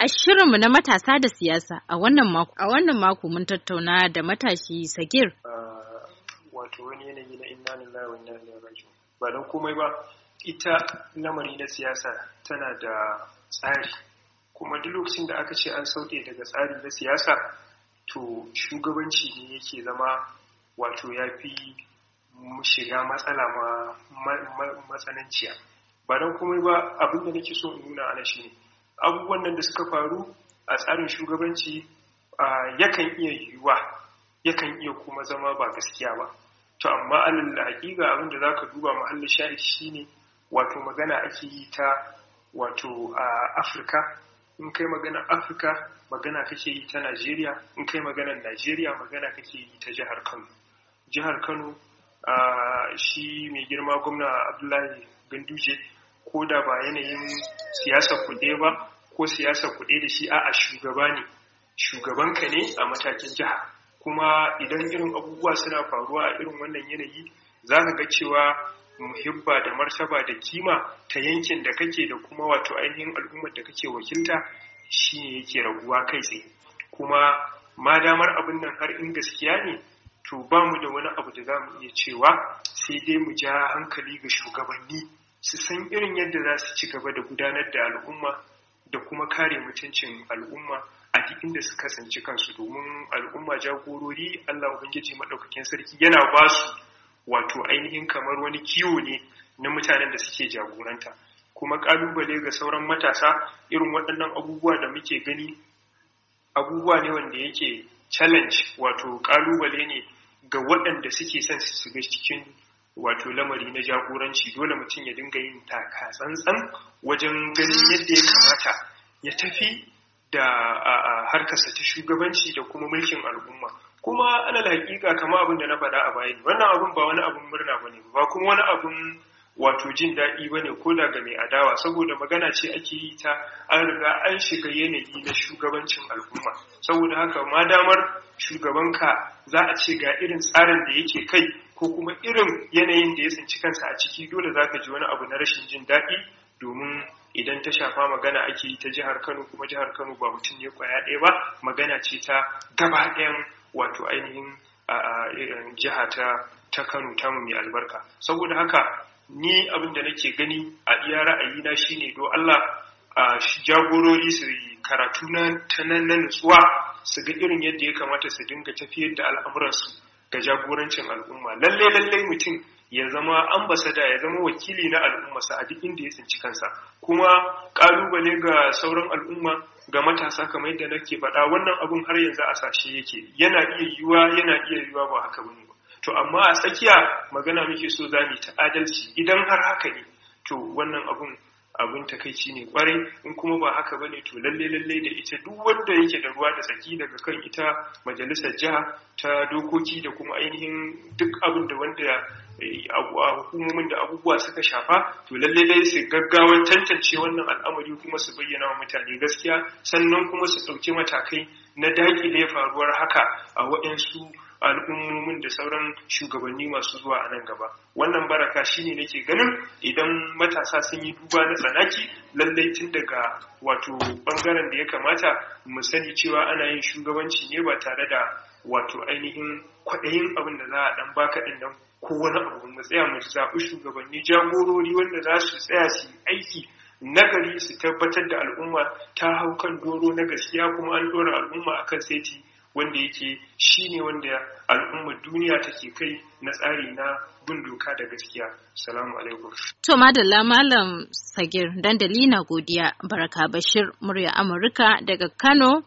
A shirinmu na matasa da siyasa a wannan mako, a wannan mako mun tattauna da matashi Sagir. Ah, wato wani yanayi na inna lillahi wa inna ilaihi raji'un. Ba don komai ba, ita lamari na siyasa tana da tsari. Kuma duk lokacin da aka ce an sauke daga tsari na siyasa, to shugabanci ne yake zama wato ya fi shiga matsala ma matsananciya. Ba don komai ba abin da nake so in nuna ana shi ne. abubuwan nan da suka faru a tsarin shugabanci yakan iya yiwuwa yakan iya kuma zama ba gaskiya ba to amma alal hakika abin da zaka duba mahallin shi shine wato magana ake yi ta wato a Afirka in kai magana Afirka magana kake yi ta Najeriya in kai magana Najeriya magana kake yi ta jihar Kano jihar Kano shi mai girma gwamna Abdullahi Ganduje ko da ba yanayin siyasa ku ba ko siyasa kuɗe da shi a shugaba ne shugabanka ne a matakin jiha kuma idan irin abubuwa suna faruwa a irin wannan yanayi za ka ga cewa muhibba da martaba da kima ta yankin da kake da kuma wato ainihin al'ummar da kake wakilta shi ne yake raguwa kai tsaye kuma ma damar abin nan har in gaskiya ne to ba mu da wani abu da za mu iya cewa sai dai mu ja hankali ga shugabanni su san irin yadda za su ci gaba da gudanar da al'umma da kuma kare mutuncin al'umma a duk inda su kasance kansu domin al'umma jagorori Allah Ubangiji maɗaukakin sarki yana ba su wato ainihin kamar wani kiwo ne na mutanen da suke jagoranta kuma ƙalubale ga sauran matasa irin waɗannan abubuwa da muke gani abubuwa ne wanda yake challenge wato ƙalubale ne ga waɗanda suke son su shiga cikin wato lamari na jagoranci dole mutum ya dinga yin taka tsantsan wajen ganin yadda ya kamata ya tafi da harkarsa ta shugabanci da kuma mulkin al'umma kuma ana hakika kama abin da na faɗa a baya wannan abin ba wani abin murna ba ne ba kuma wani abin wato jin daɗi ba ne ko da ga mai adawa saboda magana ce ake yi ta an riga an shiga yanayi na shugabancin al'umma saboda haka ma damar shugabanka za a ce ga irin tsarin da yake kai ko kuma irin yanayin da ya tsinci kansa a ciki dole za ka ji wani abu na rashin jin daɗi domin idan ta shafa magana ake yi ta jihar kano kuma jihar kano ba mutum ne kwaya ɗaya ba magana ce ta gaba ɗayan wato ainihin eh, jiha ta ta kano mai albarka saboda haka ni abin da nake gani a iya ra'ayi na shine do allah jagorori su karatu na ta nan na nutsuwa su ga irin yadda ya kamata su dinga tafiyar da al'amuransu ga jagorancin al'umma lalle lalle mutum ya zama ambasada ya zama wakili na al'ummarsa a duk inda ya tsinci kansa kuma kalubale ga sauran al'umma ga matasa kamar yadda nake faɗa wannan abun har yanzu a sashe yake yana iya yiwuwa yana iya yiwuwa ba haka bane ba to amma a tsakiya magana muke so za ta adalci idan har haka ne to wannan abun abin takaici ne kwarai in kuma ba haka ba ne to lalle lalle da ita duk wanda yake da ruwa da tsaki daga kan ita majalisar jiha ta dokoki da kuma ainihin duk abin da wanda eh, a hukumomin da abubuwa suka shafa to lalle lalle su gaggawa tantance wannan al'amari kuma su bayyana wa mutane gaskiya sannan kuma su ɗauki matakai na daƙile faruwar haka a waɗansu al'ummomin da sauran shugabanni masu zuwa a nan gaba wannan baraka shine nake ganin idan matasa sun yi duba na tsanaki lallai tun daga wato bangaren da ya kamata mu sani cewa ana yin shugabanci ne ba tare da wato ainihin kwaɗayin abin da za a ɗan baka ɗin nan ko wani abu mu tsaya mu zaɓi shugabanni jagorori wanda za su tsaya su aiki nagari su tabbatar da al'umma ta hau kan doro na gaskiya kuma an ɗora al'umma akan seti wanda yake shi ne wanda al'ummar duniya take kai na tsari na bin doka da gaskiya. Salamu alaikum. To madalla malam Sagir dandali na godiya Baraka Bashir murya Amurka daga Kano